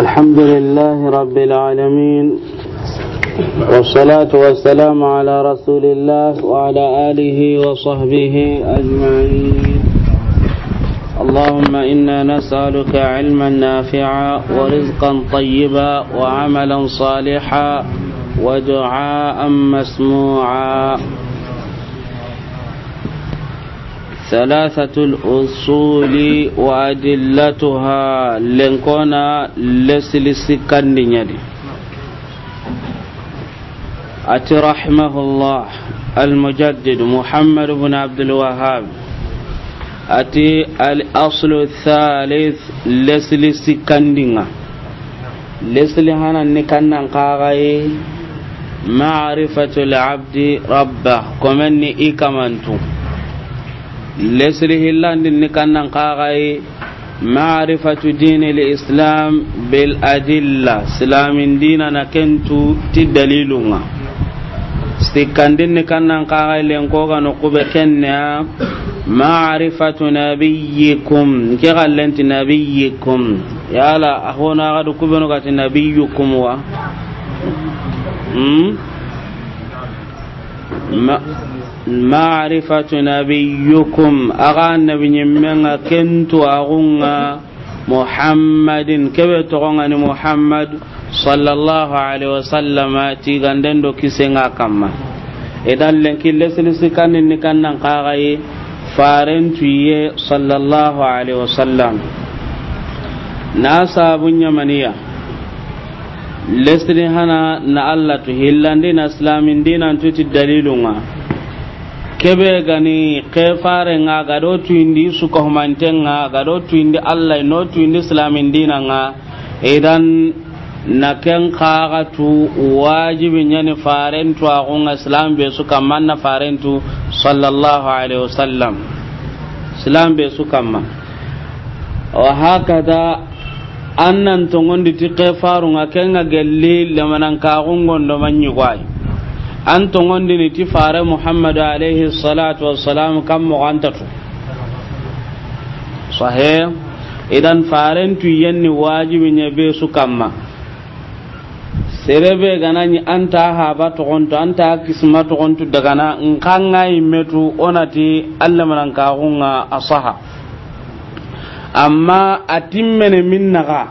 الحمد لله رب العالمين والصلاة والسلام على رسول الله وعلى آله وصحبه أجمعين اللهم إنا نسألك علما نافعا ورزقا طيبا وعملا صالحا ودعاء مسموعا ثلاثة الأصول وأدلتها لنكونا لسلسكن نيدي أتي رحمه الله المجدد محمد بن عبد الوهاب أتي الأصل الثالث لسلسكن نيدي lesli hananni kannan kaxaye macrifatu labdi rabba comenni i kamantu lesri hillandin ni kannan dini islam bil adilla silamin dina na kentu ti dalilunga sikkandin ni kannan nukube ma'rifatu nabiyikum ke yala wa hmm? معرفة نبيكم أغا نبي من كنت أغنى محمد كبت غنى محمد صلى الله عليه وسلم تيغندن دو كيسينا كما إذا لنكي لسلسي كان نكان نقاغي farentuye sallallahu alaihi wasallam na sabun yamaniya lesdin hana na allah tu hillandi na islamin dinan tuti dalilun kebe gani kefare nga ga tuindi suka humante nga gado tuindi allah no tuindi islamin dina nga idan na ken kaga tu wajibi nyani farentu agunga islam be suka manna faren sallallahu alaihi wasallam islam be suka ma wa hakada annan tongondi ti kefaru nga kenga gelli lamanan kagungon do manyi kwai. an tongondini ti fare muhammadu alayhi salatu wassalam kam gantatu sahe idan farentu yenni wajibi nye be su kamma serebe ganani anta haba an anta kisma togonto dagana nkanga imetu onati allamarankaxunga asaha amma atimmene min ga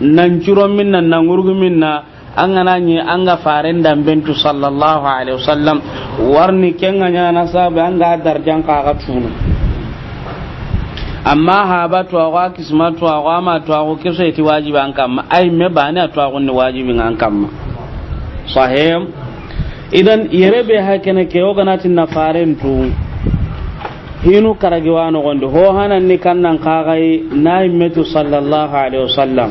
nancuro min na nangurgu min na an gana nye an ga faren dambentu sallallahu alaihi wasallam warni kenga nya na sabe an ga darjan ka ka tunu amma ha ba to ga kisma to ga ma to ga kiso ti wajibi an kamma ai me ba ne to ga ni wajibi an kamma sahim idan yere be ha kene ke o gana tin na faren tu hinu karagiwa no gondo ho hanan ni kannan kagai na metu sallallahu alaihi wasallam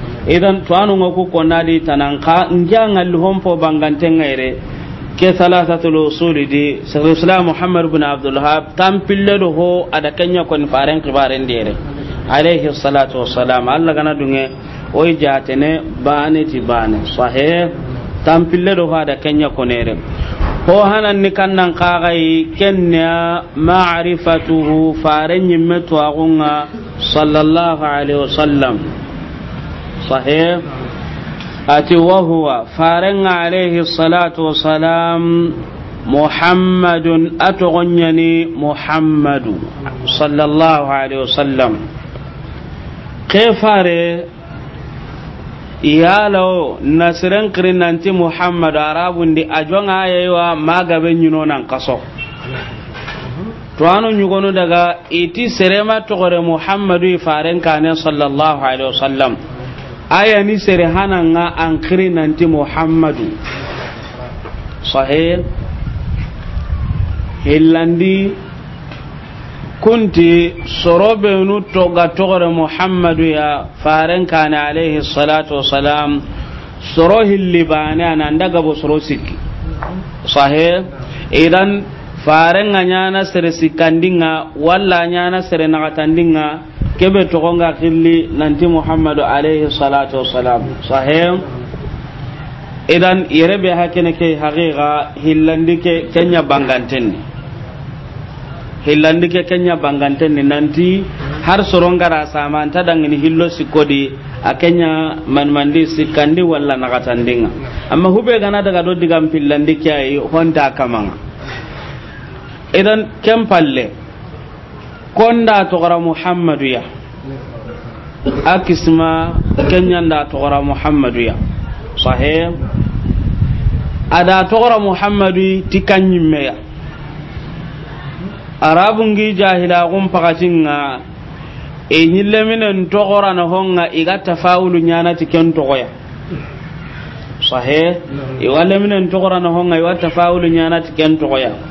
idan tuanu ngoku konnadi tananka njangal hompo bangantengaire ke salasatul usuli di sallallahu muhammad ibn abdul wahhab tam pille do ho ada kenya kon faren kibaren dire alayhi salatu wassalam allah gana dunge oy jatene bane ti bane sahe tam pille do ho ada kenya konere ho hanan ni kannan ka gai kenya ma'rifatuhu faren yimme agunga sallallahu alaihi wasallam صحيح Alayhi وهو فارن عليه الصلاة والسلام محمد أتغنيني محمد صلى الله عليه وسلم كيف iyalawo nasiren kirin nanti muhammadu arabun di ajon ayayiwa magaben yino nyinoonan kaso to anu nyugonu daga iti serema togore muhammadu ifaren kane sallallahu alaihi wasallam aya ni sere hananga an kiri nanti muhammadu sahih hillandi kunti sorobenu toga togore muhammadu ya faren kane alaihi salatu wasalam soro hillibane ana ndaga bo soro sikki sahih idan faren nga nyana sere sikandinga wala nyana sere nagatandinga kebe togonga xilli nanti muhammadu alayhi salatu wassalam sahem idan yere be hakene kene ke haqiqa hillandi ke kenya banganten hillandi ke kenya bangantenni nanti har sorongara samanta dangini hillo sikodi a kenya mandi sikandi walla katandinga amma hube gana daga do digam pillandi kiyayi honta kamanga idan kempalle palle konda togora muhammadu ya a kisma kenyanda togora muhammadu ya sahih ada togora muhammadu ti kanyimme ya arabun gi jahila kun pakatin nga e nyille minen togora na honga iga tafawulu nyana tiken ken togoya sahih e wala minen togora na honga iwa tafawulu nyana ti ken togoya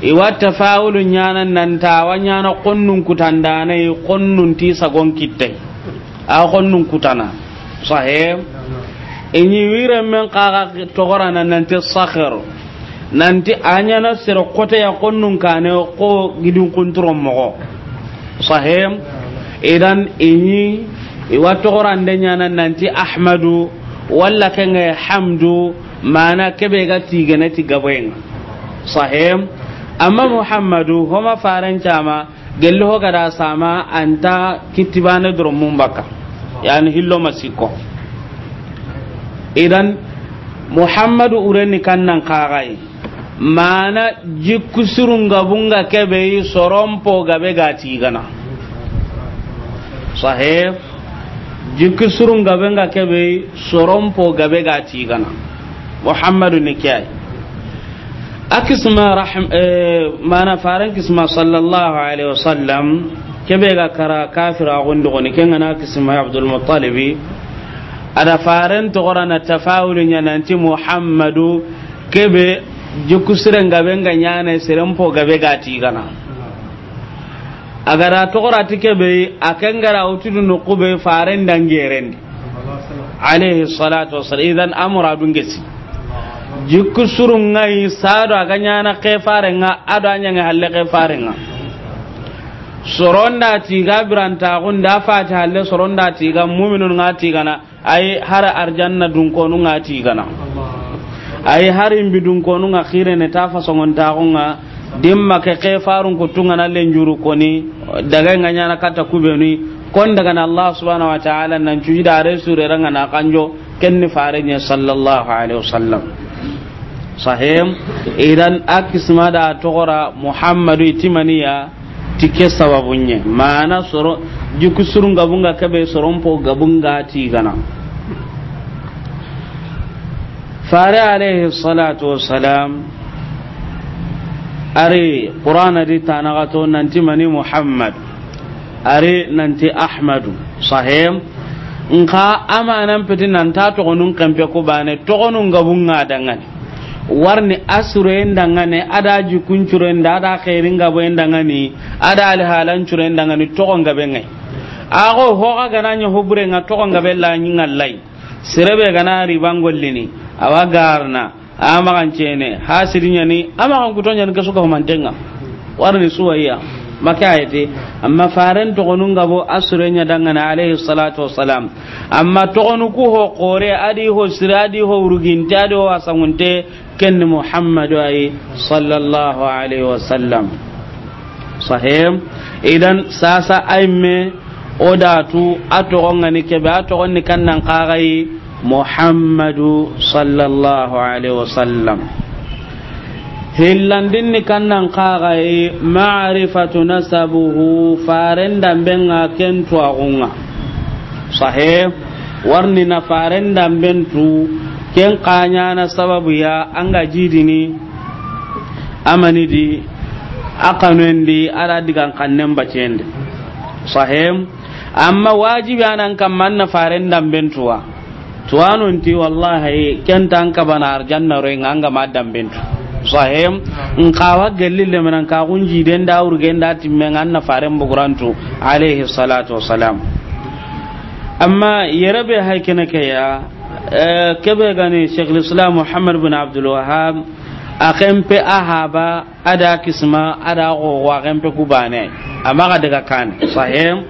iwa tafawulu yanan nan ta wanyana qonnun kutandana yi qonnun ti sagon kitai a qonnun kutana in inyi wiran men qaga togora nan nan ti sakhir nan ti na sir kota ya ka ne ko gidin kunturon mo sahe idan inyi iwa togora nan yanan nan ti ahmadu walla kenga hamdu mana kebe ga tigene ti gabayin. sahem amma muhammadu homa faran cama gelli ho gada sama anta kitibane doro mun baka yani hillo masiko idan muhammadu ureni kannan kagai mana jikku surun gabunga kebe yi sorompo gabe ga tigana sahih jikku surun gabunga kebe yi sorompo gabe ga tigana muhammadu nikiyai akisma rahm eh, mana faran kisma sallallahu alaihi wasallam kebe ga kara kafira gondo goni kenga na kisma abdul muttalibi ada faran to tafawul muhammadu kebe ngabe nga serempo gabe ga tigana agara togora tikebe akengara utudu nukube faran dangerendi alaihi salatu wasallam idan amra jikku surungai sado aga nyana kefarenga ado nga halle nga soronda tiga biranta da fati halle soronda tiga mu'minun nga tigana ay har arjanna dun konu nga tigana ay har imbi dun konu nga ne ta songon ta nga dimma ke kefarun tunga na lenjuru koni daga nga nyana kata ni. kon daga na Allah subhanahu wa ta'ala nan juida re sure ranga na kanjo kenni nya sallallahu alaihi wasallam Saheem. idan akisma da togora muhammadu itimaniya tike sababunye Maana soro jiku surun gabunga kabe soron po gabunga ti faare fare alaihi salatu wassalam ari qur'ana di tanagato nanti mani muhammad ari nanti ahmadu sahim Nkaa amanan piti nan ta togonun kampe ko bane togonun gabunga warni asuren dangane ada jukun curen da ada khairin gabo dangane ada alhalan ni dangane togon gabe ngai ago hoga gananya hubure nga togon gabe la nyinga lai sirebe gana ribangolle ni awa garna ama kan cene hasirinya ni ama kan kutonya ni kasuka mantenga warni suwaya makayati amma faran to gonun gabo asurenya dangana alaihi salatu wassalam amma to gonu ku ho hoo adi ho siradi ho urginta do wasangunte ken muhammadu ay sallallahu alaihi wasallam sahee idan sasa odaatu odatu atogongani kebe atogonni kannan kagai muhammadu sallallahu alaihi wasallam hillandinni kannan kagaye ma'rifatu nasabuhu faren damben ga kentuwagunga sahe warni na farin damben tu ken kanya na sababu ya an ga ni amani di akanen di ara digan kannan bacen di amma wajibi anan kan manna faren dambe tuwa tuwanunti wallahi kenta an bana arjanna roin an ga ma tu sahim in qawa galille menan ka gunji den da urgen da timmen an na faren bugurantu alaihi salatu wassalam amma yarabe haikina kaya eh, kebe gani shekul islam muhammad bin abdul wahab a kempe ahaba ada kisma ada gowa kempe kubane amma ga daga kan sahim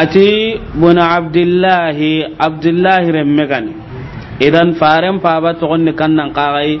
ati bin abdullahi abdullahi remme gani idan faren fa ba to kan nan kagai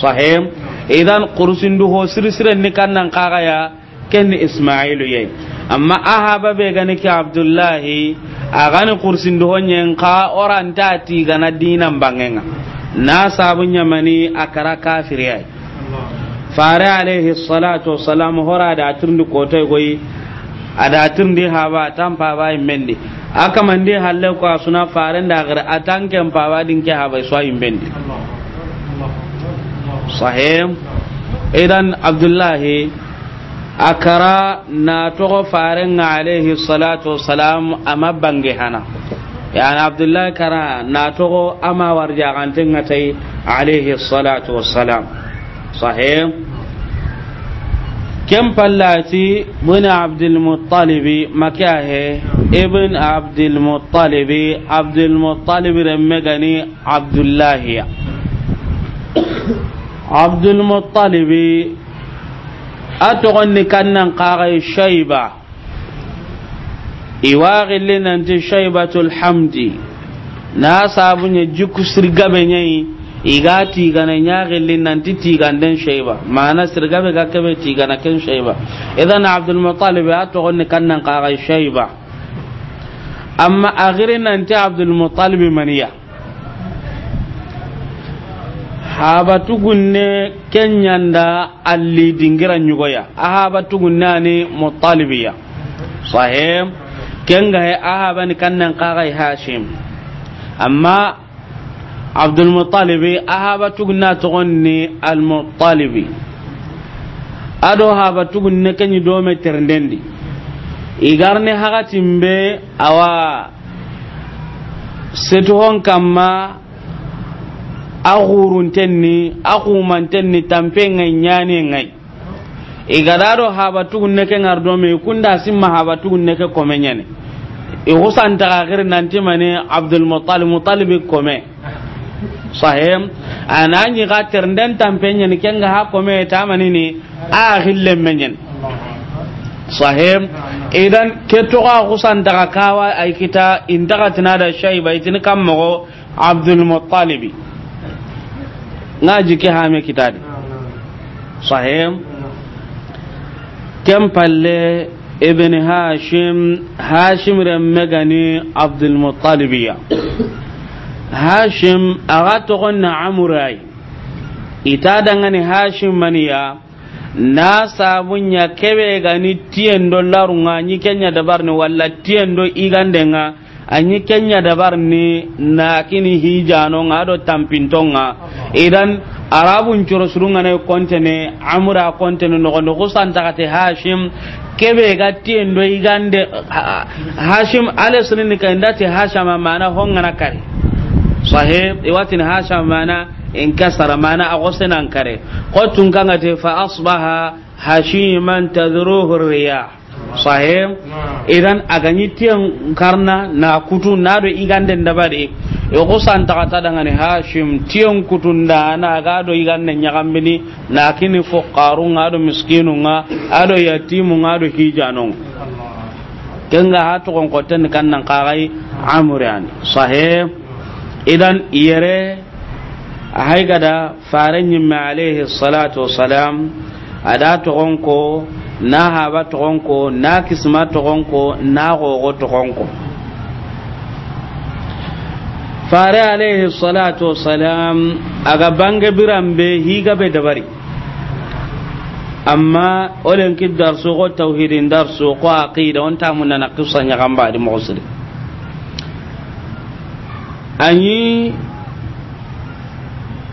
sahim idan qursin duho sirsiren ni kannan kaga ya ken isma'ilu yai amma ahaba be gani ki abdullahi agani qursin duho nyen ka oran ta ti gana dinan bangenga na sabun yamani akara kafir yai fare alaihi salatu wassalam hora da turndi kotai goyi ada turndi haba tan bai mendi aka mande halle ko suna faren da gar atan ken din ke haba so yimbendi sahim idan abdullahi akara na togo farin alaihi salatu salam amma bange hana abdullahi kara na togo amma warjagantin ngatai alaihi salatu wassalam sahim كم فلاتي بن عبد المطلب مكاه ابن عبد المطلب عبد المطلب رمجني عبد الله abdulmuttalibi a togonni kannan kaxay shaiba iwaxilli nanti shaibatul hamdi na sabunya jiku sirgabe ñayi iga tigana ñaxilli nanti tiganden shaiba mana sirgabe ga kebe tigana ken shaiba idan abdulmuttalibi a togonni kannan kaxay shaiba amma axiri nanti abdulmuttalibi maniya habatugunne kenyanda alli dingira ya nyugoya ahabatugunne ani muttalibiya sahih kenga he ahabani kannan qagai hashim amma abdul muttalibi ahabatugunna togonni al muttalibi ado habatugunne kenyi dome terndendi igarne hagatimbe awa setuhon kamma ni ni axuruntenni axumantenni tampengai ñanengai igadaɗo e habatugunne ke ngardomi kunda simma habatugunne ke kome ñani ixusantaxa e xir nantimani abdulmutalib mutalibi kome sahe anañi xa ter nden tampe ñani kenga ha kome tamanini a xillemme ñani sahe idan ke toxa xusantaxa kawa ay kita intaxatinada shaiba itini kam moxo abdulmutalibi nga jike hame kitadi sahim kem palle ibn hashim hashim remme gani abdul muttalibiya hashim aga togonna amurai ita ngani hashim maniya na sabunya kebe gani tiendo do larunga nyikenya kenya dabar tiendo walla tiyen igandenga anyi kenya dabar ni na kini hijano nga do tampintonga idan arabun curo surunga ne kontene amura kontene no gondo kusanta kate hashim kebe ga tiendo igande hashim alesni ni kandati ma mana honga na kare sahib iwatin hashama mana kasara mana agosena kare qotun kanga te fa asbaha hashiman tadruhu riyah sahe hmm. idan agani tiyan karna na kutu na do da ndabare yo ko santa kata daga ne hashim tiyan kutu da na ga do igande nyakambini na kini fuqaru nga do miskinu nga ado yatimu nga do hijanon hmm. kenga hatu kon koten kan nan kagai amuran sahe idan iyere haigada faran yin ma alaihi salatu wassalam ada to ko na haba togon na kisma togon na gogo togon ko fare alaihi salatu wassalam aga bange birambe higa be dabari amma olin ki darsu ko tauhidin darsu ko aqida on tamuna na qissa nya gamba di muslim anyi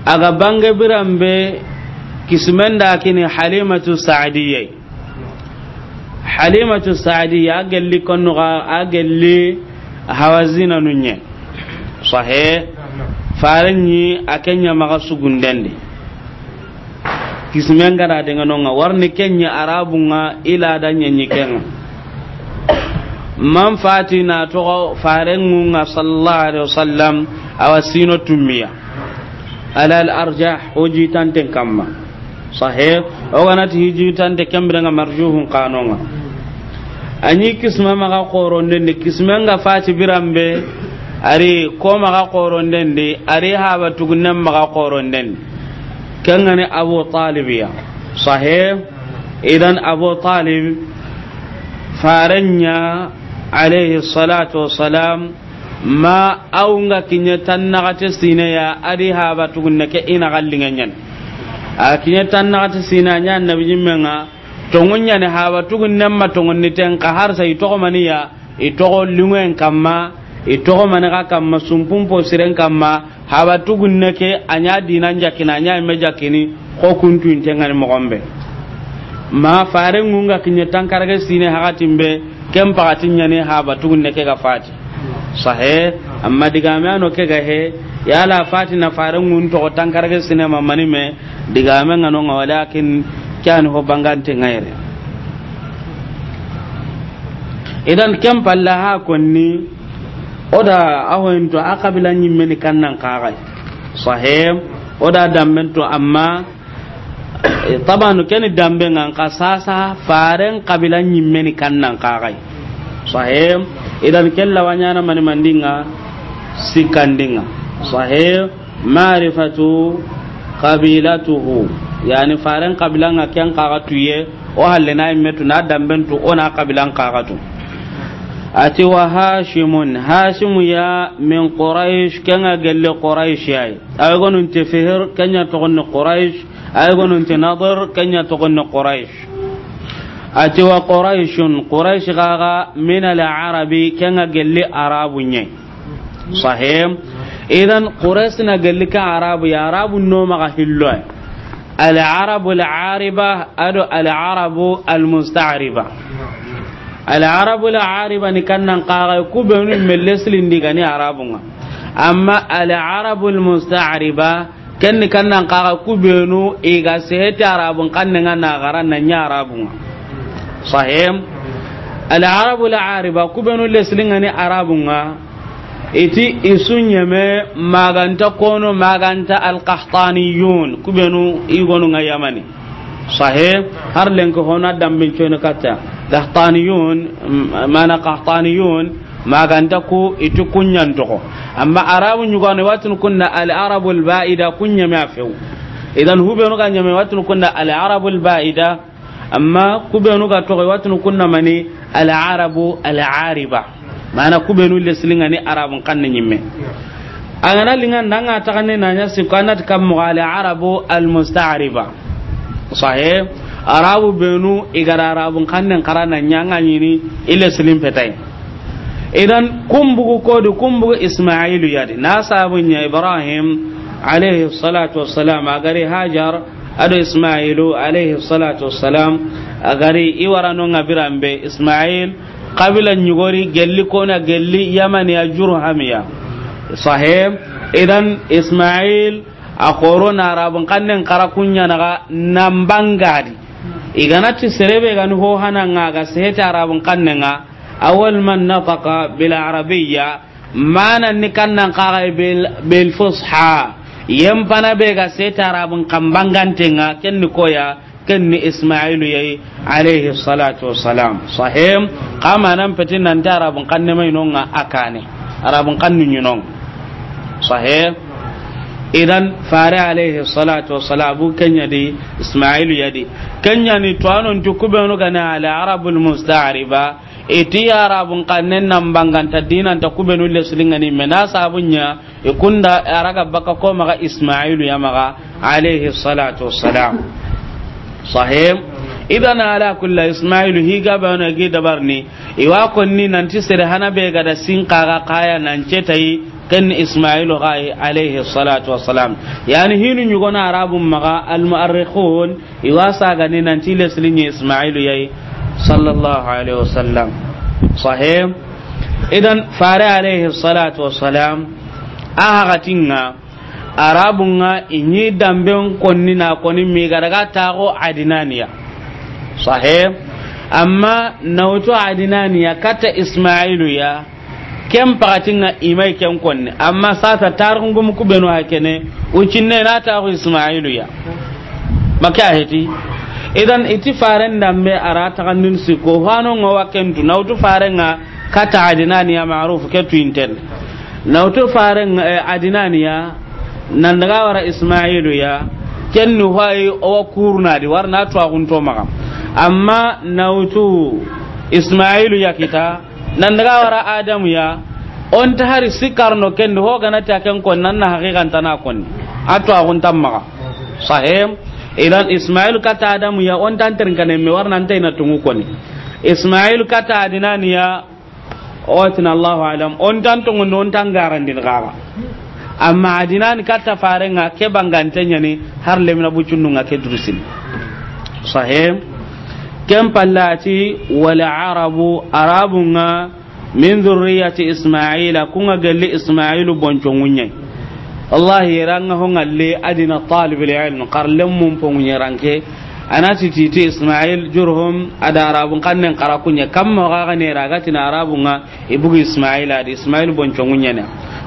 aga bange birambe kismen da kini halimatu sa'adiyyai. halimatu sadi ya gelli konno ga a gelli hawazina nunye sahe farinyi a kenya maga sugundendi kismen gara de ngononga warni kenya arabu nga ila da nyenyi kenga man fati na to farengu nga sallallahu alaihi wasallam awasino tumia ala al arjah hoji tante kamma sahe o ganati hiji tante kambira nga marjuhun kanonga anyi kisma maga qoronde ni kisma nga fati birambe ari ko maga qoronde ndi ari haba tugunna maga qoronde ndi ni abu talib ya sahih idan abu talib faranya alayhi salatu wassalam ma aunga kinya tan nagata sine ya ari haba tugunna ke ina gallinga nyen a kinya tan nagata sina nya nabi menga tongunya ne hawa tugun nan ma tongun ni ten ka har sai to mani ya i to ko lungen kamma i to ko mani ka kamma sumpum po siren kamma hawa tugun ne ke anya dinan jakina anya me jakini ko kuntu intengan mo gombe ma fare ngunga kinya tankarage sine ha hakatimbe kem pakatinya ne hawa tugun ne ke ga fati sahe amma diga me ano ke ga he ya la fati na fare ngun to tankarage sine ma mani me diga me ngano ngawalakin kyani ho bangante ngayre idan kem palla ha konni oda akabila kannan sahem oda amma eh, tabanu keni dambe ngan ka sasa faren kabila nyimmeni kannan sahem idan kella wanyana mani mandinga sikandinga sahem ma'rifatu qabilatuhu yaani faran kabilan ga kyan kaga tuye o halle na metu na damben tu ona kabilan kaga ati wa hashimun hashim ya min quraish kan ga gelle quraish yayi ay gonun te fihir kan ya to gonne quraish ay gonun te nadar kan ya to gonne quraish ati wa quraishun quraish gaga min al arabi kan ga gelle arabunye sahiim idan quraish na gelle ka arabu yaa araabuun noo ma hillo العرب العاربة أدو العرب المستعربة العرب العاربة نكنا نقارا كوبن من لسلين ديغاني عربنا أما العرب المستعربة كن كنا نقارا كوبن إيغا سيتي عرب كن نغارا نني عربنا صحيح العرب العاربة كوبن لسلين عربنا iti isu nyeme maganta kono maganta alqahtaniyun kubenu igonu nga yamani sahe har lenko hona dambin chono kata qahtaniyun mana qahtaniyun maganta ku itti kunyan toko amma arabu nyugane watun kunna al arabu al baida kunya ma few idan hubenu ga nyame watun kunna al arabu al baida amma kubenu ga toko watun kunna mani al arabu al ariba mana nu le silingani arabun kanne nyimme angana linga ndanga takane nanya sikana tikam mugale arabu al musta'riba sahih arabu benu igara arabun kanne karana nyanga nyini ile silim petai idan kumbugu kodu kumbugu isma'il yadi na nya ibrahim alayhi salatu wassalam agari hajar ado ismailu alayhi salatu wassalam agari iwarano ngabirambe ismail qabila nyugori gelli kona gelli yaman ya jurhamiya sahib idan isma'il a koro na rabun kannen kara kunya naga nan bangadi iganati serebe gani ho hananga ga seheta rabun kannenga awal man nataqa bil arabiyya mana ni kannan kara bil fusha yem pana be ga seheta rabun kambangantenga kenni koya ken ni isma'ilu yayi alayhi salatu wassalam sahim kama nan fitin nan ta arabun kanne mai non akane arabun kanni non sahim idan fara alayhi salatu wassalam kanya di isma'ilu yadi kenya ni to anon tukube no gana ala arabul musta'riba iti arabun kannen nan banganta dinan ta kube nulle ni mena sabunya ikunda araga baka ko maga isma'ilu ya maga alayhi salatu wassalam sahim idan ala kulla ismailu higa bana gi ni iwa nan nanti sere hana be gada sin kaga kaya nan cetai kan ismailu gai alaihi salatu wassalam yani hinu nyugona arabun maga al mu'arrikhun iwa sa saga ni nan nanti leslin ismailu yayi sallallahu alaihi wasallam sahim idan fare alaihi salatu wassalam aha gatinga arabunga inyi damben konni na konni mi garaga tago adinaniya sahe amma nautu adinaniya kata ismailu ya kem pakatinga imai kem konni amma sasa tarungum kubenu hakene ucinne na tago ismailu ya maka heti idan iti faren dambe ara tagandin siko hano nga wakentu nautu farenga kata adinaniya ma'ruf ketu intel nautu faren eh, adinaniya nan daga wara ismailu ya ken ni hoyi owa kurna di war na to agun to maga amma nautu ismailu ya kita nan daga wara adamu ya on ta hari no ken ni hoga na ta ken kon nan na hakikan tana kon ato agun tam maga sahim idan ismailu kata adamu ya on tan terin kane me war nan tay na tungu kon ismailu kata adinani ya otin allahu alam on tan tungu non garan garandin gara. amma adinani fare nga ke bangantenya ni har lemina nga ke durusin sahih kem pallati wal arabu nga min dhurriyyati isma'ila kunga galli isma'ilu allah wallahi ranga ngalle adina talibul ilm qarlem mum pongunye ranke Ana anati titi ismail jurhum ada arabun kannen karakunya ma ga ne ragati na arabun ga ibu ismail ada ismail bonchongunya ne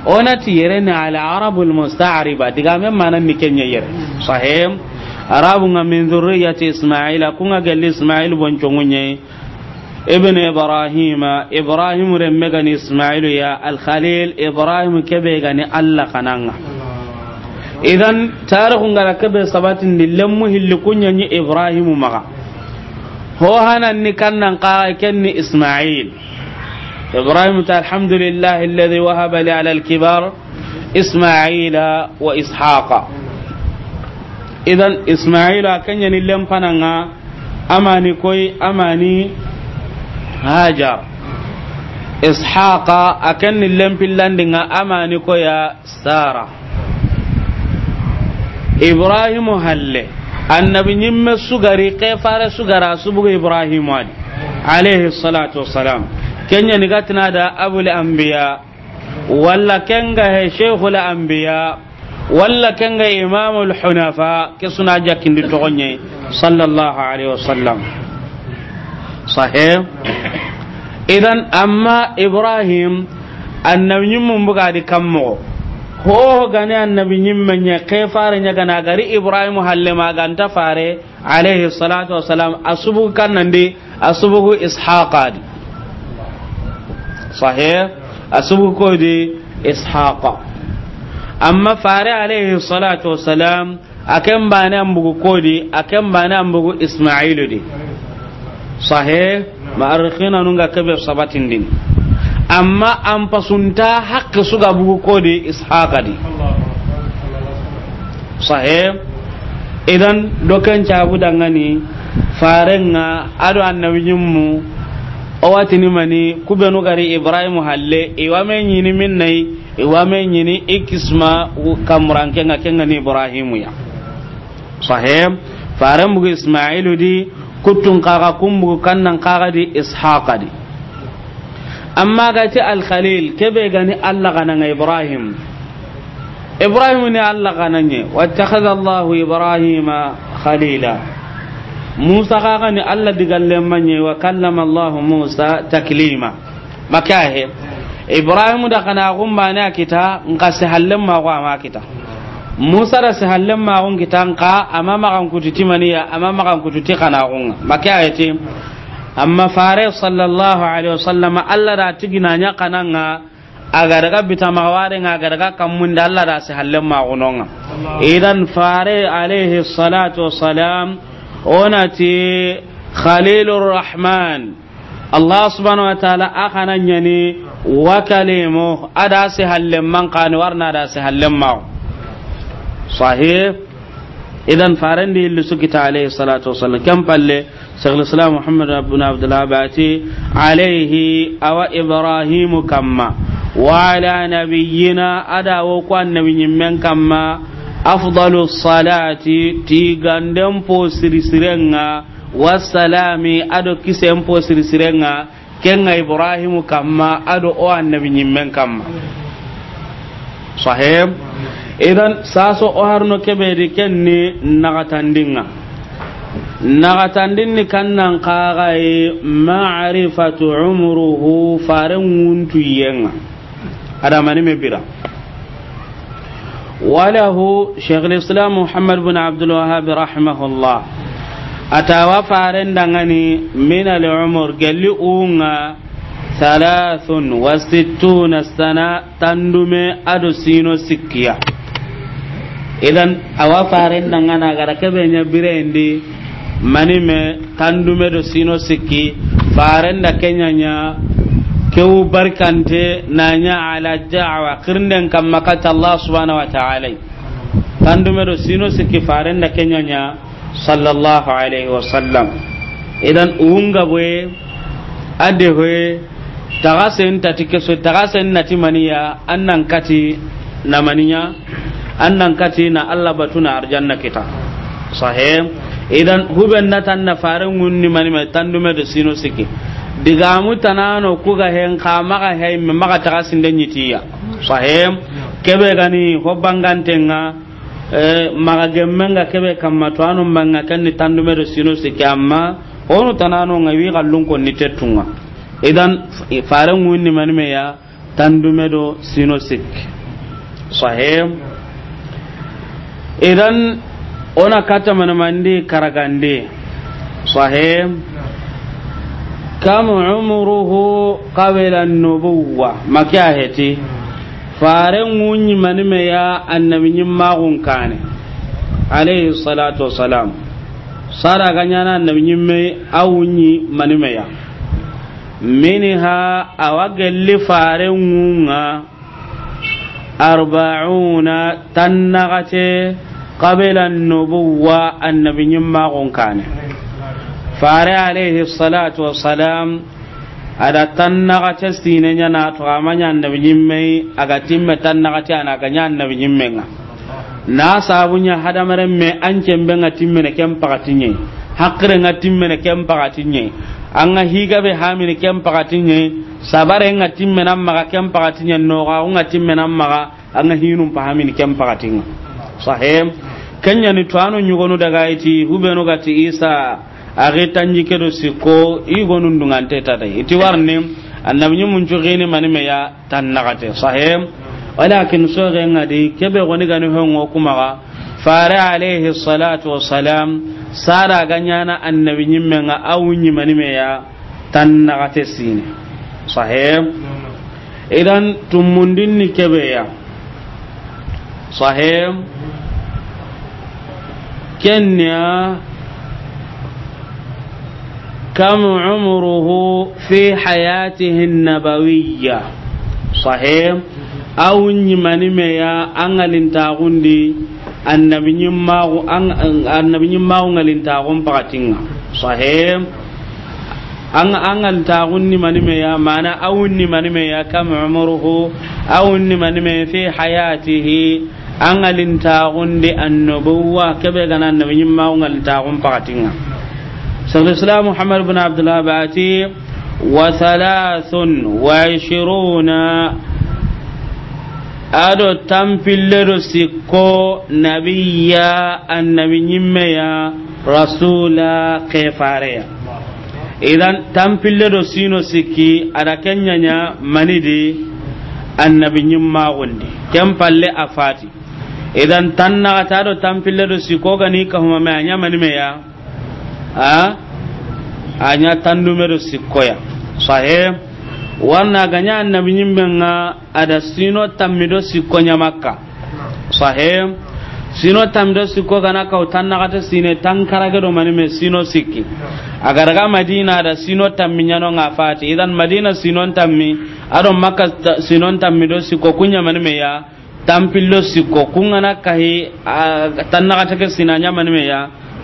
onati yere ne ala arabul musta'riba diga men manan ni kenya yere sahim arabun ga min zurriyati ismail kunga gal ismail bonchongunya ابن ابراهيم ابراهيم رمغني اسماعيل يا الخليل ابراهيم كبيغني الله قنانا idan tarihu ngana kabe sabatin dillan muhilli kunyan yi ibrahimu maka ho hanan ni kannan qara ni isma'il ibrahim ta alhamdulillah alladhi wahaba li ala al isma'ila wa ishaqa idan isma'ila kanya ni lempananga amani koi amani hajar ishaqa akan ni lempillandinga amani koya sara ibrahimu halle annabi nyimme sugari ke kefare sugara subugo ibrahimu ali alayhi salatu wassalam kenya ni gatina da abul anbiya walla kenga he shaykhul anbiya walla kenga imamul hunafa ke suna jakindi togonye sallallahu alaihi wasallam sahih idan amma ibrahim annabi nyimmu bugadi kammo ho gani annabi nyimmanya ke fare nya gana gari ibrahim halle maganta fare alaihi salatu wassalam asubu kannandi asubu ishaqa di sahih asubu ko di ishaqa amma fare alaihi salatu wassalam akan bana ambugu ko di akan bana ambugu isma'ilu di sahih ma'arkhina nunga kabe sabatin din amma an fasunta haƙƙi suga bugu ko da idan dokan cabu dangane farenga ado annabiyinmu mu owatini mani kubenu gari ibrahim halle min ya ismailu di kuttun kaga kumbugu kannan kaga di ishaqa di amma ga ta alkhalil kebe gani Allah gana Ibrahim Ibrahim ne Allah gana ne wattakhadha Allah Ibrahim khalila Musa ga gani Allah diga digalle ne wa kallama Allah Musa taklima makahe Ibrahim da kana gumma a kita in ka sahallin ma gwa ma kita Musa da sahallin ma gun kita ka amma ma kan kututi maniya amma ma kan kututi kana gun makahe amma fare sallallahu alaihi wasallam Allah da tigina nya kananga aga daga bita mawari nga aga daga kamun da Allah da su hallen magunonga idan fare alaihi salatu wasalam ona ti khalilur rahman Allah subhanahu wa ta'ala akana nyani wa kalimu ada si hallen man kan warna da si hallen ma sahih idan faran da yillu sukita alaihi salatu wassalam kam palle شيخ الاسلام محمد بن عبد الوهاب عليه او ابراهيم كما وعلى نبينا ادا وكو النبي من كما افضل الصلاه تيغاندم بوسرسرنغا والسلام ادو كيسم بوسرسرنغا كان ابراهيم كما ادو او النبي من كما صحيح idan saso o harno keɓeedi ken ni naxatandinga naxatandinni kannan kaxaye marifatu umruhu faren wuntuyenga adamani me bira walahu sheikh lislam muhammad bin abdulwahab rahimahullah atawa faren dangani min alumur gelli unga thalathun wa sittuna sana tandume ado sino sikkiya idan awa faren dangana gara keɓe Mani manime tandume do sino sikki farenda kenyanya kew barkante na nya ala da'wa kirnden kam makata Allah subhanahu wa ta'ala tandume do sino sikki farenda kenyanya sallallahu alaihi wa sallam idan uunga boye ade hoye tagasen sen tati keso taga nati maniya annan kati na maniya annan kati na Allah batuna arjanna kita sahih idan huben na tan na farin wunni mani mai tan dume da sino siki diga mu tanano hen ka maka hay me maka ta sin den yitiya kebe gani ho bangantenga eh, gemmenga kebe to anu manga kan ni tan dume da sino siki amma onu tanano ngawi ko ni tetunga idan farin wunni mani mai ya tan dume do sino siki idan ona kata mana mandi karagande sahih kam umruhu qabla an-nubuwwa heti fare ngunyi manime ya annabi nyimma gun kane alayhi salatu wassalam sara ganyana annabi nyimme awunyi manime ya minha awagelli fare ngunga arba'una tannagate qabla an-nubuwwa annabi nyimma gon kane fare alayhi salatu wassalam ada tannaga testine nya na to amanya annabi nyimme aga timme tannaga ta na ganya annabi nyimme nga na sabunya hadamaren me an kembe nga timme ne kem pakatinye hakre nga timme ne kem pakatinye an ga higa be hamine kem pakatinye sabare nga timme nan nga ni twano nyugonu daga iti hubenu gati isa agita tanji kedo siko igonu ndungante tata iti warni annabi nyu mun jugini mani me ya tannagate sahim walakin so genga di kebe goni gani hongo kumaga fare alayhi salatu wa salam sara ganyana annabi nyimme nga awunyi manime ya tannagate sini sahim idan tumundini kebe ya sahim kenya كم عمره في حياته النبوية صحيح أو نمني ميا أنغلين تاغندي annabi ñimmaxu annabi ñimmaxu ŋalintaxun paxatinga sahe an a ŋalintaxun nimanimeya mana awun nimanimeya kam umruhu awun nimanime fi hayatihi an taagun de annobowa kebe gana annabi ñimmaxu ngalintaxun paxatinga shekh islam muhammad ibn abdullah bati wa thalathun wa ishiruna ado tampille do sikko nabiya annabi ya rasula ke idan tampille do sino sikki aɗa kenñaña manidi annabi ñimmaxundi ken palle a fati idan tan na ta do tan fille do si ko gani ka huma ma anya mani me ya a anya tan do me do si ko ya sahe wanna ganya annabi nyimbe nga ada sino mi do si ko nya makka sahe sino tan do si ko gana ka tan na ta sine tan karage do mani me sino siki. agar ga madina da sino tammi nyano nga fati idan madina sino mi adon makka sino mi do si ko kunya mani me ya tampillo sikko kungana kahi tannaxa take sina ñamanime ya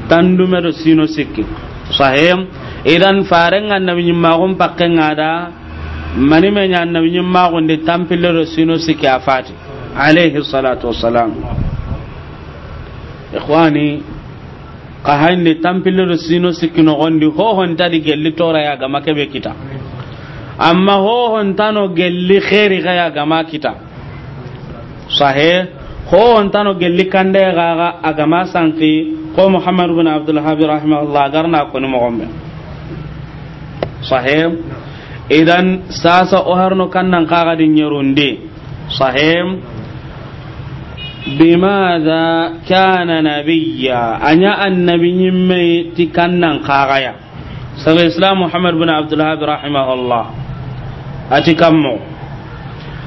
tan dume do sino sikki sahem idan farenga nabi ñimmaxun pakkenga da manime ña nabi de tampillo do sino sikki afati fati alayhi salatu wassalam ikhwani kahandi tampillo do sino sikki no ho hon tadi gelli tora ya gama keɓe kita amma ho hon tano gelli xeri xaya gama kita sahe ho ontano gelli kande ga ga agama sanki ko muhammad ibn abdul habib rahimahullah garna ko ni mogombe sahe idan sasa o harno kannan ga din yeronde sahih bimadha kana nabiyya anya annabi yimme tikannan ka ga ya sabai islam muhammad ibn abdul habib rahimahullah atikammo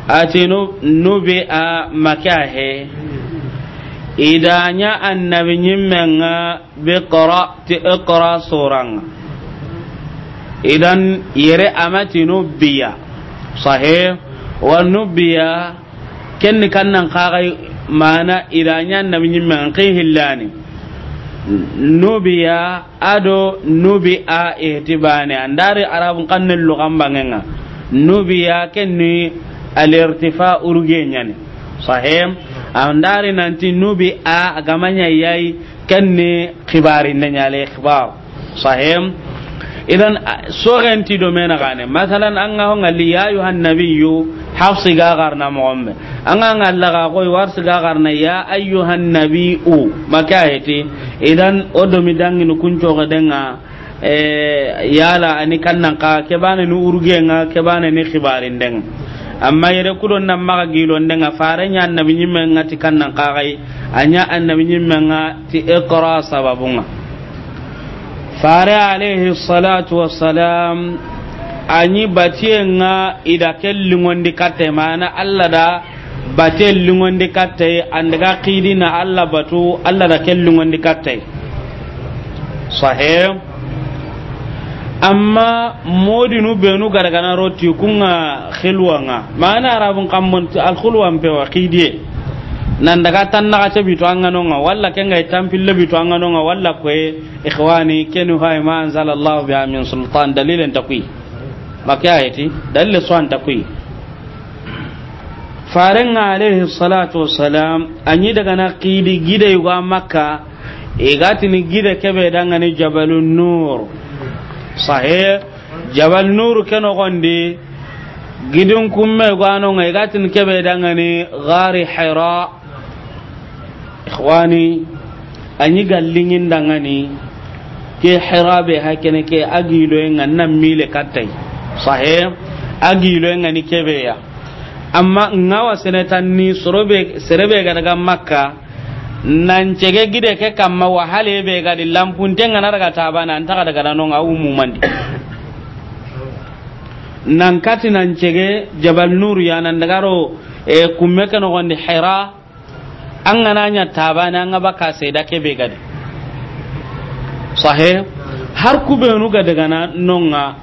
ati nu be a maka he idanya annabi nyimmen bi qara ti iqra surang idan yere amati nubiya sahih wa nubiya kenni kannan kagai mana idanya annabi nyimmen qihillani nubiya ado nubi a ihtibani andari arabun kannin lugan bangenga nubiya kenni al-irtifa urgenyani sahim andari nanti nubi a agamanya yai kenne khibari nanya le khibar sahim idan so sogenti do mena gane masalan an ga hon ali ya yuhan nabiyyu hafsi ga garna muhammad an ga Allah ga koy warsi ga garna ya ayyuhan nabiyyu makayati idan odo mi dangin kunco ga denga eh yala ani kannan ka kebane nu urgenga kebane ni khibarin denga amma yere kudon nan maga gilon den ga faranya annabi nyimme ngati kannan kagai anya annabi nyimme ngati iqra sababunga fare alaihi salatu wassalam anyi batiye nga ida kellingondi kate mana alla da bate lingondi katte andaga kidi na alla batu alla da ke kellingondi kate sahih amma modinu benu gargana roti kunga khilwa nga mana arabun kammun al khulwa mpe wa khidie nan daga tan na kace bitu an gano nga walla kenga tan pille bitu an gano nga walla ko ikhwani kenu hay ma anzalallahu biha min sultan dalilan takwi maka ayati dalil swan takwi faren alaihi salatu wassalam anyi daga na qidi gidai wa makka ni gida kebe dangane jabalun nur sahih jabal nur keno gondi gidin kumme gano ngai gatin kebe dangane hira ikhwani anyi gallingin ke hira be hakene ke agilo ngan nan mile sahih agilo ngan kebe ya amma ngawa ni sorobe serebe ga daga makka nan cege gide ke kamma wa hale be ga di lampunte ngana daga tabana anta kada daga non awu mumandi nan kati nan cege jabal nur ya nan daga ro e kumme kan gonde hira an ngana nya tabana an ba ka sai da ke be ga sahe har ku be nu ga daga nan nonga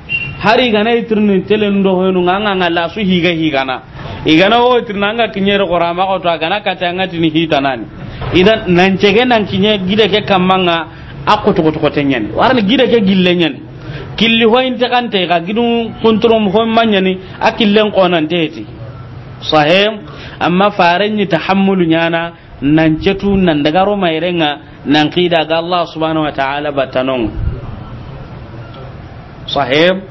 i gana itirni telen do hoynu e nganga ngala su higa higana igana wo itirna nga kinyere qorama ko to gana kata ngati ni nani idan nan cege nan kinye gida ke kamanga akko to to kotenyen warani gida ke gillenyen killi hoyin ta kante ga gidun kunturum hoyin manyani akillen qonan teti sahem amma faran ni tahammulu nyana nan cetu nan daga ro mairenga nan qida ga Allah subhanahu wa ta'ala batanon sahem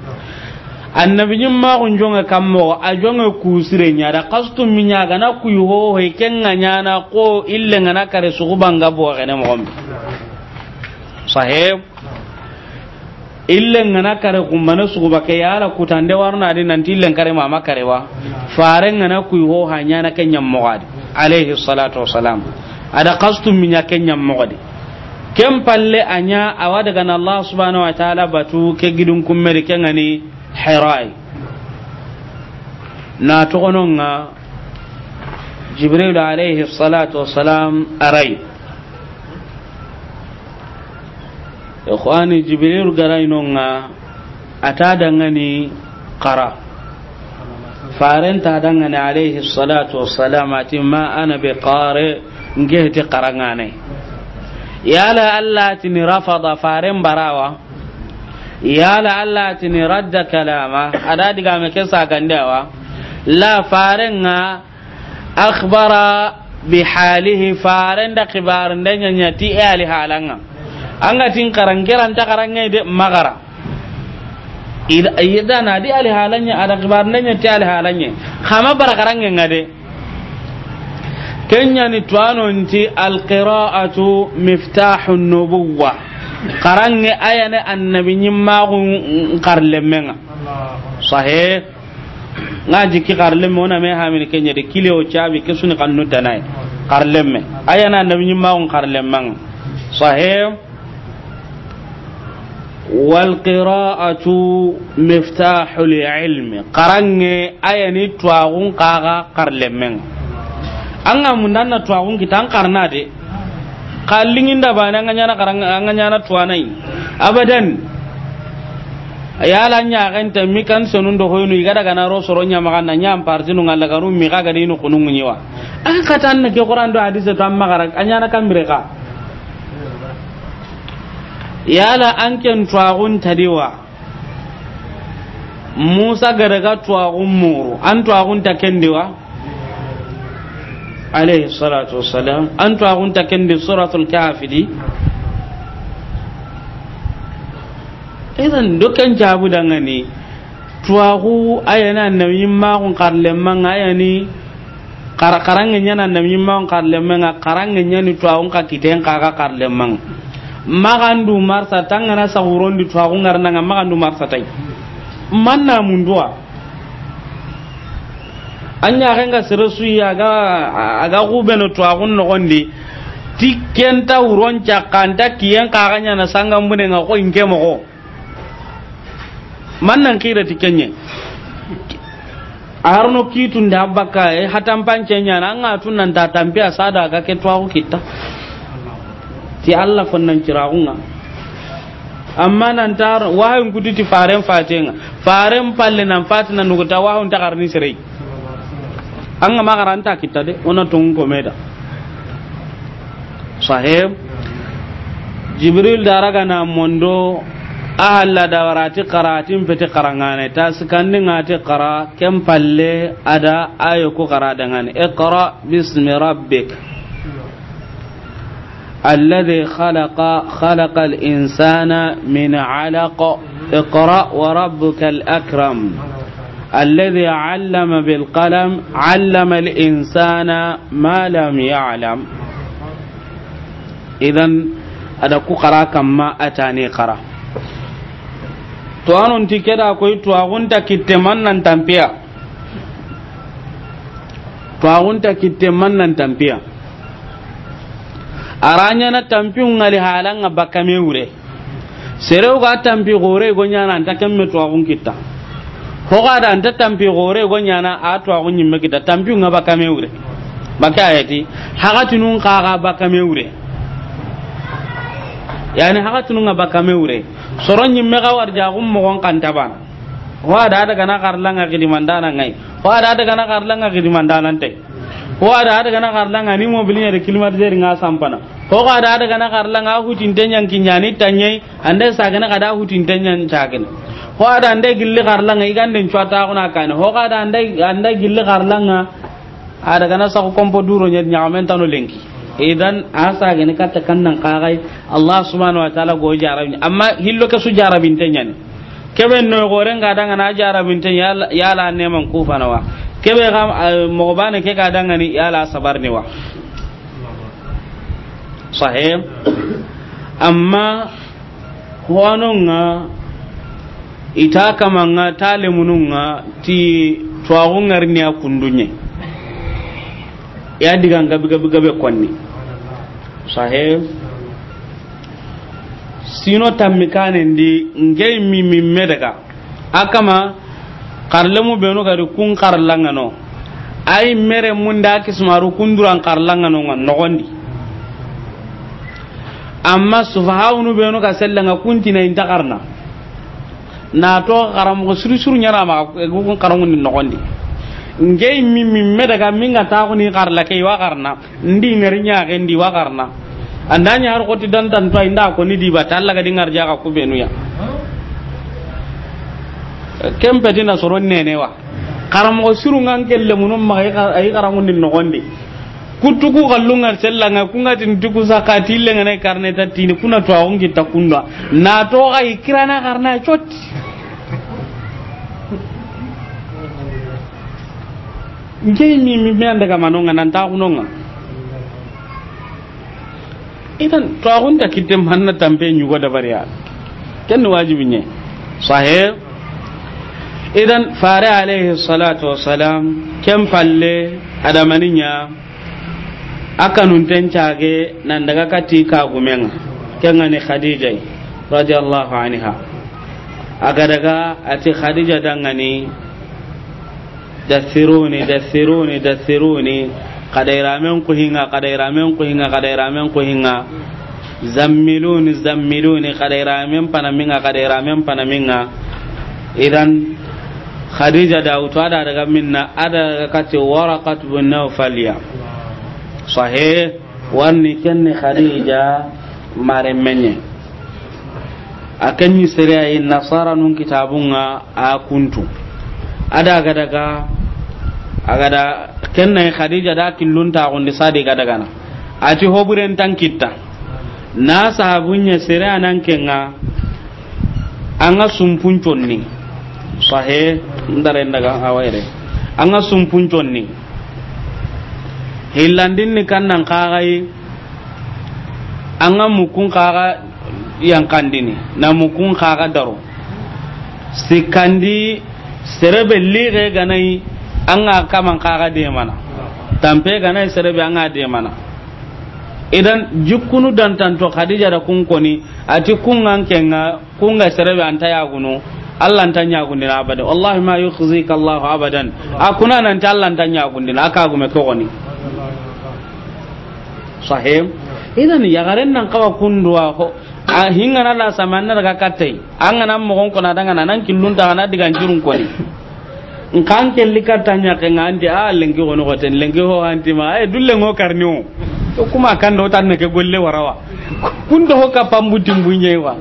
annabi nyim ma kunjonga kammo a jonga kusire nya da kastum nya ga na ku ho he kenga nya na ko ille na kare su ku banga bo ga ne mo sahib ille na kare ku man su ba ke la ku tande na din nan tillen kare ma kare wa fare na ku ho ha nya na nya mo gadi alayhi salatu wassalam ada kastum ken nya mo gadi kem palle anya awada daga allah subhanahu wa ta'ala batu ke gidun kummeri kengani hirai na togononga jibril alayhi salatu wassalam arai ikhwani jibril garainonga ata dangani qara farenta dangane alayhi salatu wassalam ati ma ana bi qari ngehti qarangane yala allah tini rafada faren barawa la allah tini radda kalama ada diga me ke sagandawa la farenga akhbara bi halihi farin da kibarin da nyanyati e ali halanga anga tin karangiran ta karanga de magara ida na di ali halanya ada kibarin da ti ali halanya khama barakaranga ngade kenya ni tuano nti alqira'atu miftahun nubuwah karan ne aya ne annabin yin magun karlen mena sahi na jiki karlen mena wani mai hamil kenya da kile o chabi ke suni kannu tanai karle me. aya na annabin yin magun karlen mena sahi wal qira'atu miftahu li ilmi qaranne ayani twagun karle karlemeng anga mundanna twagun kitan karna de kallingin da bana an nyana karanga an nyana tuwanai abadan ayala nya ganta mi kan sonun do hoyinu gada gana ro soro nya magana nya am partinu ngalla garu mi ga gadi no kunun nyiwa an katan ne ke qur'an do hadise to amma garan anyana kan mireka yala an ken tuagun tadiwa musa ga tuagun muru an tuagun ta kendiwa alayhi salatu wassalam an to agun ta kendi suratul kafidi idan dokan jabu dangane tuwaku ayana namin makon karlemman ayani karkarange nyana namin makon karlemman karange nyani tuwaku ka kiten kaka karlemman magandu marsa tangana sahuron di tuwakun ngarnanga magandu marsa tai manna munduwa anya renga sirasu ya ga aga gubeno to agun no gondi ti kenta uron cakanta kiyen kaganya na sanga mbune nga inke inge mo ko man nan kire ti arno kitu nda baka e hatan pance nya na nga tun nan sada ga ke ko kita ti Allah fannan kiraunga amma nan tar wahun kuditi faren fatenga faren palle nan fatina nugo ta wahun ta sirei anga magaranta kita de a tungu da sahib jibril daraga na mondo ahalla da warati qaratin fete qarangane ta sikandi ngate qara kem palle ada ayo ko qara dangan iqra bismi rabbik الذي خلق خلق الإنسان من علق اقرأ وربك الأكرم الذي علم بالقلم علم الإنسان ما لم يعلم إذا أدكو قرا كما أتاني قرأ to anonti keda koy twaxunta kitte man nan tampiya twaxunta kitte man nan tampiya arañana tampiungali halanga bakkame wure serewga tampi xore go ñana anta kemme twaxun kitta ko ga da anta tampi gore go nyana a to a gunyi me kita tampi nga ba kame wure maka ayati hagati nun ka ga ba kame wure yani hagati nun ga ba kame wure soron nyi me ga warja gum mo gon kan taban wa da daga na karlanga gidi mandana ngai wa da daga na karlanga gidi mandana te wa da daga na karlanga ni mobilnya de kilomiter nga sampana ko ga da daga na karlanga hutin tenyan kinyani tanyai ande sagana kada hutin tenyan chagana ho ada ande gilli garlanga igande ncuata kuna kane ho ada ande ande gilli garlanga ada kana sa ko kompo duro nyet nyaamen tanu lenki idan asa gani kata kannan kagai allah subhanahu wa ta'ala go jarabin amma hillo ke su jarabin tanyan kebe no gore nga danga na jarabin tan yala neman kufa nawa kebe ga eh, mo bana ke ga danga ni yala sabar ne wa sahib amma honon nga ita nga tale mununga ti twago ngarni a kundunye ya diga gabi gabi gabe kwanni sahe sino tammi kanen di ngey mi mi medaga akama karlemu beno gari kun no ay mere mun da kismaru kunduran karlangano ngan nogondi amma sufahawnu beno ka sellanga kuntina intakarna na to garamu suru suru nyara ma gugun karam ni nogondi ngey mi mi meda min ga ta ko ni karla kay wa karna ndi ngari nya ga ndi wa karna andanya har ko ti dan dan to inda ko ni ba talla ga dingar jaga ku benu ya kempe dina soron ne wa karamu suru ngan kelle munum ma ay karam ni nogondi kutuku kallungar sellanga kunga tin tuku sakati lengane karne ta tatini kuna to awon kita kunga na to ai kirana karna chot nje ni mi me anda ga manonga nan ta kunonga idan to awon ta kitem hanna tampe nyugo da bariya ken wajibi ne sahih idan fare alaihi salatu wassalam kem palle adamaninya akanun tencage nan daga kati kagumenga kengani khadija radiyallahu anha aga daga ati khadija dangani dasiruni dasiruni dasiruni kadairamen ku hinga kadairamen ku hinga kadairamen ku hinga zammiluni zammiluni kadairamen panaminga kadairamen panaminga idan khadija da wutu ada daga minna ada daga kati waraqat bin nawfaliya sahe wani kenni khadija mare menye akanni siriyai nasara nun kitabunga a kuntu ada ga agada kenna khadija da killunta gondi sadi ga daga na ati hoburen tan na sahabunya sira nan kenga anga sumpun conni sahe ndare ndaga awaire anga sumpun ni hillandin ni kannan kagai an ga mukun kaga yankandini na mukun kaga daro sikandi serebe lire ganai an ga kaman kaga de mana tampe ganai serebe an ga de mana idan jukunu tanto khadija da kun koni ati kun an kenga kun ga serebe an ta yaguno Allah ta nyagundi na abada wallahi ma yukhzika Allah abadan akuna nan ta Allah ta nyagundi na aka gume ko ni sahih idan yagaren nan kawa kundwa ho a hinga na la samanna daga katte an nan ganan mogon kona daga nan killun ta na diga jurun ko ni in kan ke likata nya ke ngande a lengi wono ko ten lengi ho anti ma e dulle ngo karniu to kuma kan do tan ne ke golle warawa kundo ho ka pambuti mbunye wa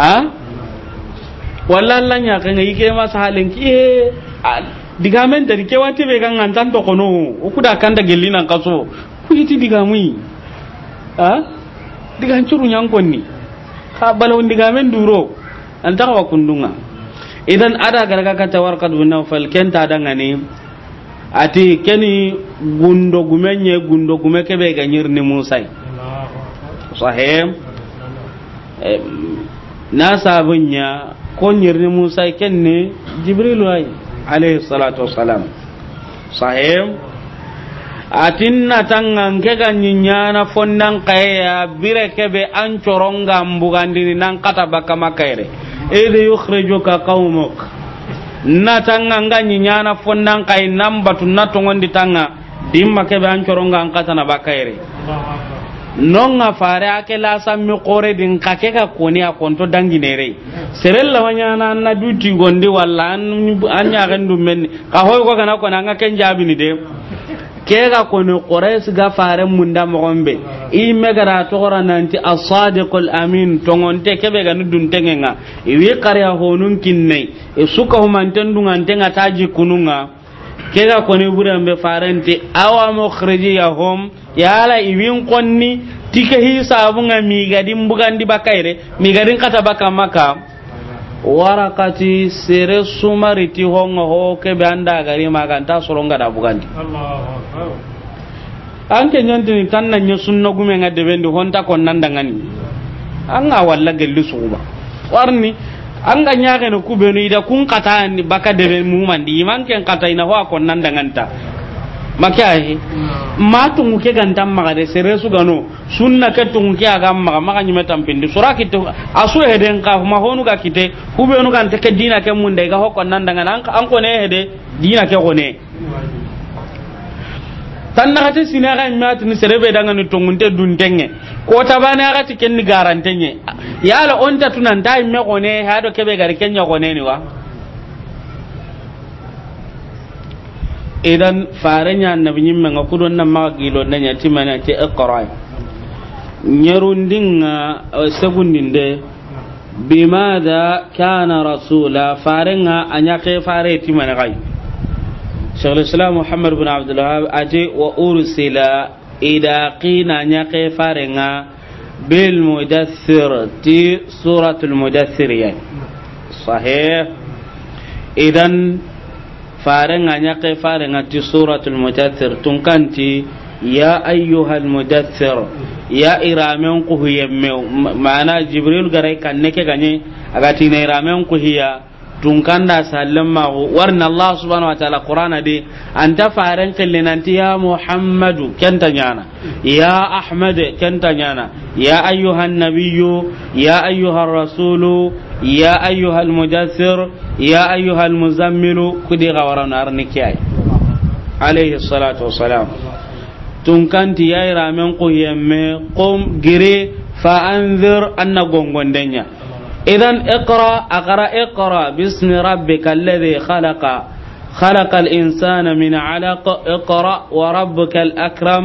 ha walla la nya ke ngi ke ma sahalen ki e diga men dari ke wati be kan ngantan to kono o kuda kan da gelli nan kaso kuiti diga mui a diga hancuru nyankonni ka balawun diga men duro an ta wa kundunga idan ada garga ka tawar kad bin nawfal ken ta danga ne ati keni gundo gumenye gundo gume kebe ganyir ni musai sahem na sabunya ko ni musai kenne ne jibril wai alayhi salatu wassalam sahem atinna tangan ke ganyinyana fonnan kayya bire kebe an coronga mbugandini nan kata baka makaire id yukhrijuka qaumuk na tangan ganyinyana fonnan kay nan batu na tongondi tanga dimma kebe an coronga an kata na bakaire non ga fare ake la sammi kore din ka ke ka koni a konto danginere serella wanya na na duti gondi walla an an ya gandu men ka hoy ko kana ko na ga ken jabi ni de kega kono quraish ga fare da mogombe imme gara togora nanti as-sadiqul amin ngonte kebe ga nudun tengenga iwi qarya honun kinne e suka humanten dungan tenga taji kununga kega kono burambe farenti awa mukhrijiyahum yala iwin konni tike mi gadin bugandi bakaire gadin kata baka maka warakati sere ti hongo ho kebe anda gari maganta soronga da bugandi an ke nyanti ni tanna ya sunna gume nga debendi honta kon nanda ngani an ga walla gelli suuba warni an ga nyaage no kubenu ida kun kata ni baka de mu mandi man ken kata ina ho kon nanda nganta makahi hmm. ma tungu ke gantam maga de sere su gano sunna ke tungu ke aga maga maga nyime tampindi sura kite asu e hede nka ma honu ga kite hube nu kan take dina ke mun de ga hokon nan daga nan an ko ne hede dina ke ko ne tan na hata sina ga ma tin sere be daga ni tungu te dun tenge ko ta bana ga ti ken ni garantenye yala on ta tunan dai me ko ne ha do ke be gar kenya ko ne ni wa idan farenya annabi nyimme nga na magilo na nyati mana iqra eh, bimada kana rasula farenga anya ke fare ti mana kai شيخ الاسلام محمد بن عبد الوهاب اجي وارسل اذا قينا bil ti suratul ya sahih idan farenga ñake farenga ti suratul mudathir tun kanti ya ayyuha almudaththir ya iramen ku hiyemme Ma'ana jibril garai kan neke ganye agati ne iramen ku hiya tun kanda sallama warna allah subhanahu wa ta'ala qur'ana de anta faran kallinanti ya muhammadu kenta nyana ya ahmad kenta nyana ya ayyuhan nabiyyu ya ayyuhar rasulu ya ayyuhal mujassir ya ayyuhal muzammilu kudi gawaran arnikiyai alayhi salatu wassalam tun kanti yayi ramen kuhyemme qum gire fa anzir anna gongondenya idan iqra aqra iqra bismi rabbika alladhi khalaqa خلق الإنسان من علق اقرأ وربك الأكرم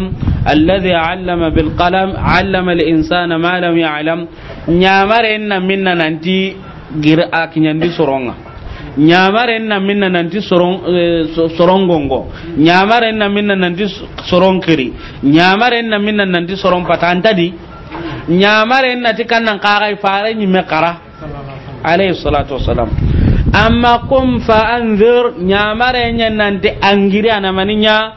الذي علم بالقلم علم الإنسان ما لم يعلم نعمر إن منا ننتي gir a kinyandi soronga nyamaren na e, minna nanti sorong sorong gongo nyamaren na minna nanti sorong kiri nyamaren na minna nanti sorong patanta di nyamaren na tikannan kaga fare ni mekara alayhi salatu wassalam amma kum fa anzir nya nanti angiri anamaninya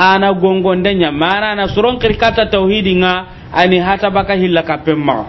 ana gongondenya mara na sorong kiri kata tauhidinga ani hata baka hilla kapemma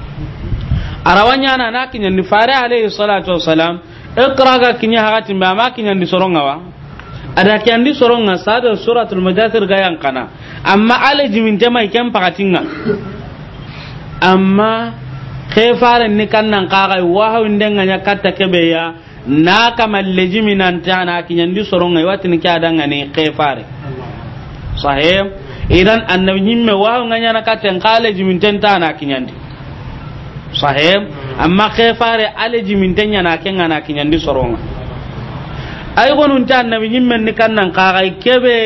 arawanya na na kinya ni fare alayhi salatu wassalam iqra ga kinya hakatin ba ma kinya ni soronga wa ada kinya ni soronga sada suratul mujadir ga yang kana amma ala jimin jama ikan pakatinga amma ke fare ni ka ga wa hawin nya katta kebe ya na kamalle jiminan ta na kinya ni soronga tin kya danga ne ke fare sahih idan annabi himme wa hawin nya na katten kale jimin tanta na kinya sahib amma ke fare ale min tanya na ken ana kinyan di soronga ay gonun ta annabi nyimmen ni kannan kagai kebe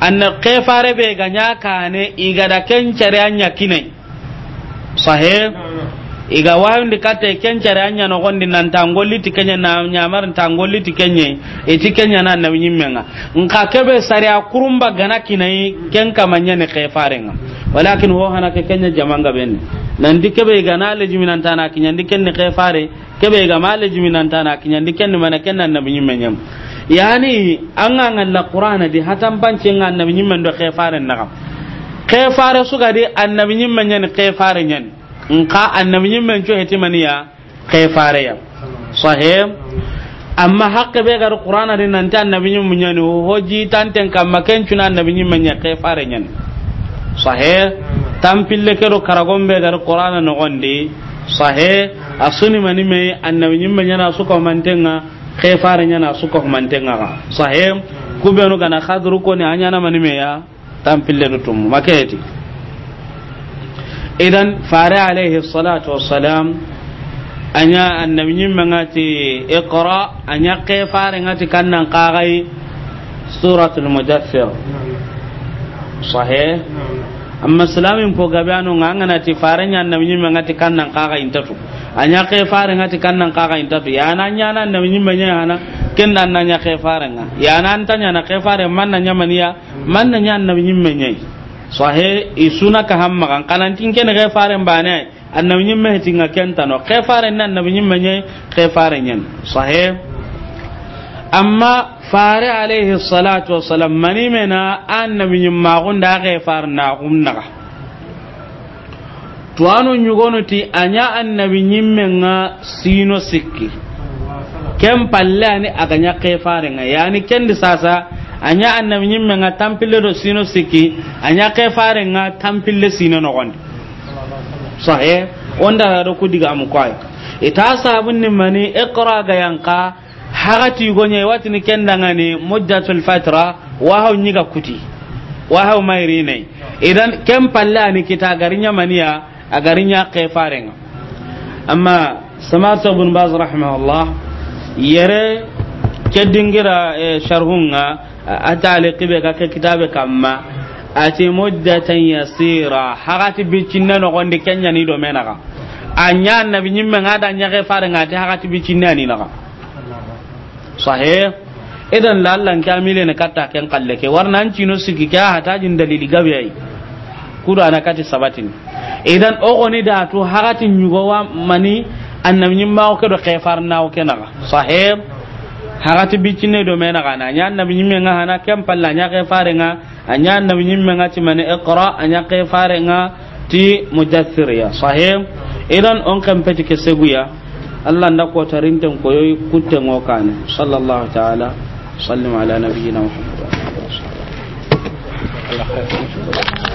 anna ke fare be ganya kane igada ken cari anya kinai sahib iga wayundi kate kencare anya no gondi nan tangoli ti kenya na nyamar tangoli ti kenya e ti kenya na na nyimmenga nka kebe sare a kurumba gana kinai kenka manya ne farenga walakin ho hana ke kenya jamanga benne nan di kebe ga na le jiminan tana kinya ndi kenne fare kebe ga ma le jiminan tana kinya ndi kenne mana kenna na nyimmenyam yani an ga ngalla qur'ana di hatan bancin annabi nyimmen do kefaren na kam su ga di annabi ne nyen fare nyane nka annabi nyim men co heti maniya kai fare ya sahih amma hakke be gar qur'ana din nan tan annabi nyim munyani ho ji tan tan kam maken cuna annabi nyim men ya kai fare nyen sahih tam pille kero karagom be gar qur'ana no gondi sahih asuni mani me annabi nyim men yana suko mantenga kay fare nyana suko mantenga sahih kubenu gana khadru ko ni anyana mani me ya tam pille no tumu maketi idan fare alaihi salatu wassalam anya annabi nyin mangati iqra anya ke fare ngati kannan qagai suratul mudaththir sahih amma salamin ko gabe anu ngana ti fare nya annabi mangati kannan qagai intatu anya ke fare ngati kannan qagai intatu ya nan nya nan annabi manya hana ya ken nan nya ke fare nga ya nan tanya na ke fare man nan nya man nya annabi manya sahe isuna ka hamma kan kanan tinken ga faran bane annabi nyimme tinga kenta no ke faran nan annabi me nye ke faran nyen sahe amma fare alaihi salatu wassalam mani mena annabi nyimma gonda ke to anu tuwanu ti anya annabi me nga sino sikki ken palle ani aganya kefarenga yani kendi sasa anya annam nyim menga tampille do sino siki anya ke fare nga tampille sino no gonde sahe onda ku diga am kwai ita sabun ni mani iqra ga yanka hagati ni watini kendangani mujjatul fatra wa haw nyiga kuti wa haw mayri ne idan kem palla ni kita garinya maniya a garinya ke fare nga amma samatu ibn baz rahimahullah yere kedingira eh, sharhunga atale kibe ka ke kitabe kamma ati muddatan yasira bi cinna no gonde kenya ni do menaka anya nabi nyimme ngada ke fare ngati bi cinna ni naka sahih idan lallan kamile ne katta ken kalle ke warnan cinu sigi ka jin dalili gabe ai kuda na kati sabatin idan o ogoni da to hagati nyugo mani annabnyin ma ke do kefar na ko kenaga sahih hagati bicinne do mena gana nya annabi nyimme nga hana kem palla nya ke fare nga anya annabi nyimme nga ti mane iqra anya ke fare nga ti mudaththir ya sahih idan on kan peti ke seguya Allah nda ko tarinten ko yoy kutte ngokane sallallahu ta'ala sallim ala nabiyina muhammad sallallahu alaihi wasallam